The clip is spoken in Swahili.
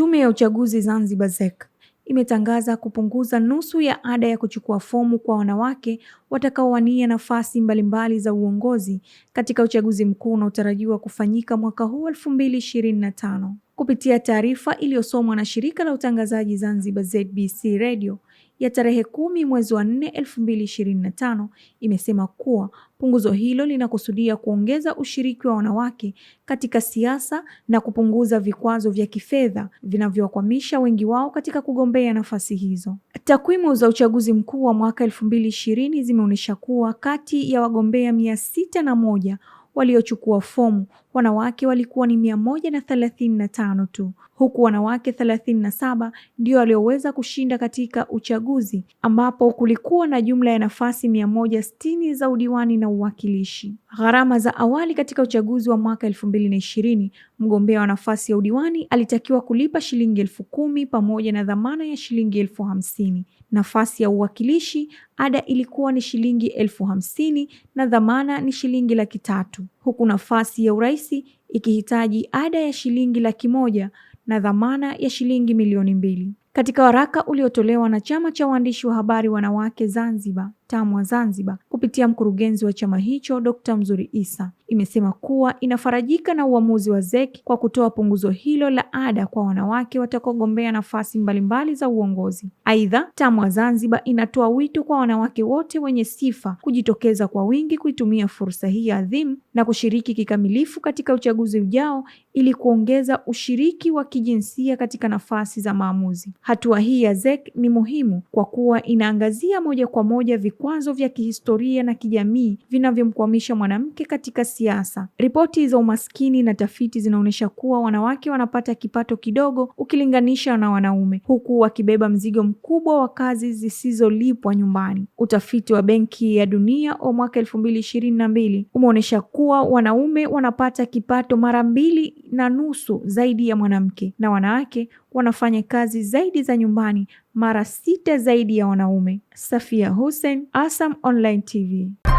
Tume ya Uchaguzi Zanzibar ZEC imetangaza kupunguza nusu ya ada ya kuchukua fomu kwa wanawake watakaowania nafasi mbalimbali za uongozi katika uchaguzi mkuu unaotarajiwa kufanyika mwaka huu elfu kupitia taarifa iliyosomwa na shirika la utangazaji Zanzibar ZBC Radio ya tarehe kumi mwezi wa nne elfu mbili ishirini na tano imesema kuwa punguzo hilo linakusudia kuongeza ushiriki wa wanawake katika siasa na kupunguza vikwazo vya kifedha vinavyowakwamisha wengi wao katika kugombea nafasi hizo. Takwimu za uchaguzi mkuu wa mwaka elfu mbili ishirini zimeonyesha kuwa kati ya wagombea mia sita na moja waliochukua fomu wanawake walikuwa ni mia moja na thelathini na tano tu, huku wanawake thelathini na saba ndio walioweza kushinda katika uchaguzi ambapo kulikuwa na jumla ya nafasi mia moja stini za udiwani na uwakilishi. Gharama za awali katika uchaguzi wa mwaka elfu mbili na ishirini, mgombea wa nafasi ya udiwani alitakiwa kulipa shilingi elfu kumi pamoja na dhamana ya shilingi elfu hamsini. Nafasi ya uwakilishi ada ilikuwa ni shilingi elfu hamsini na dhamana ni shilingi laki tatu huku nafasi ya urais ikihitaji ada ya shilingi laki moja na dhamana ya shilingi milioni mbili. Katika waraka uliotolewa na Chama cha Waandishi wa Habari Wanawake Zanzibar TAMWA Zanzibar kupitia mkurugenzi wa chama hicho Dr. Mzuri Isa, imesema kuwa inafarajika na uamuzi wa ZEC kwa kutoa punguzo hilo la ada kwa wanawake watakaogombea nafasi mbalimbali za uongozi. Aidha, TAMWA Zanzibar inatoa wito kwa wanawake wote wenye sifa kujitokeza kwa wingi kuitumia fursa hii adhimu na kushiriki kikamilifu katika uchaguzi ujao ili kuongeza ushiriki wa kijinsia katika nafasi za maamuzi. Hatua hii ya ZEC ni muhimu kwa kuwa inaangazia moja kwa moja vikwazo vya kihistoria na kijamii vinavyomkwamisha mwanamke katika siasa. Ripoti za umaskini na tafiti zinaonyesha kuwa wanawake wanapata kipato kidogo ukilinganisha na wanaume, huku wakibeba mzigo mkubwa wa kazi zisizolipwa nyumbani. Utafiti wa Benki ya Dunia wa mwaka elfu mbili ishirini na mbili umeonyesha kuwa wanaume wanapata kipato mara mbili na nusu zaidi ya mwanamke na wanawake wanafanya kazi zaidi za nyumbani mara sita zaidi ya wanaume. Safia Hussein, ASAM Online TV.